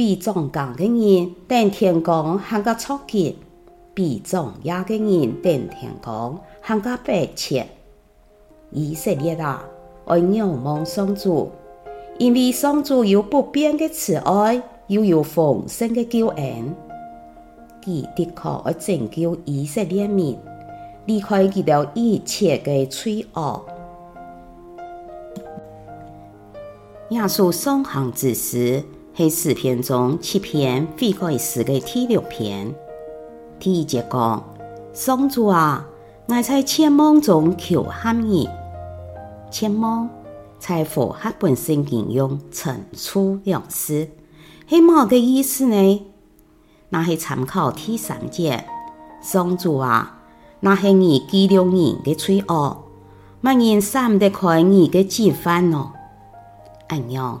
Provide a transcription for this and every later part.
被縱講嘅人，當天光喊個初吉；被縱壓嘅人，當天光喊個迫切。以色列人愛仰望上主，因為上主有不變的慈愛，又有豐盛的救恩，佢的確愛拯救以色列民，離開佢了一切的罪惡。亞述上行之詩。係詩篇中七篇悔改詩嘅第六篇。第一節講：上主啊，愛在千夢中求前哈米。千夢財符合本性形容層出兩食，係毛嘅意思呢？那是參考第三節。上主啊，那是你吉良人嘅罪惡，沒人閃得開你嘅罪犯咯。哎呀！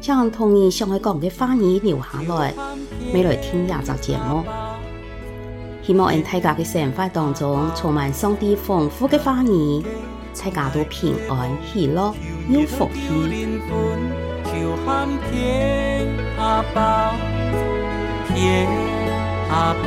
將童年時愛講嘅話兒留下來，未來天涯就這節目。希望在大家嘅生活當中充滿上帝豐富嘅話兒，才感到平安、喜樂、有福氣。天阿爸，天阿爸，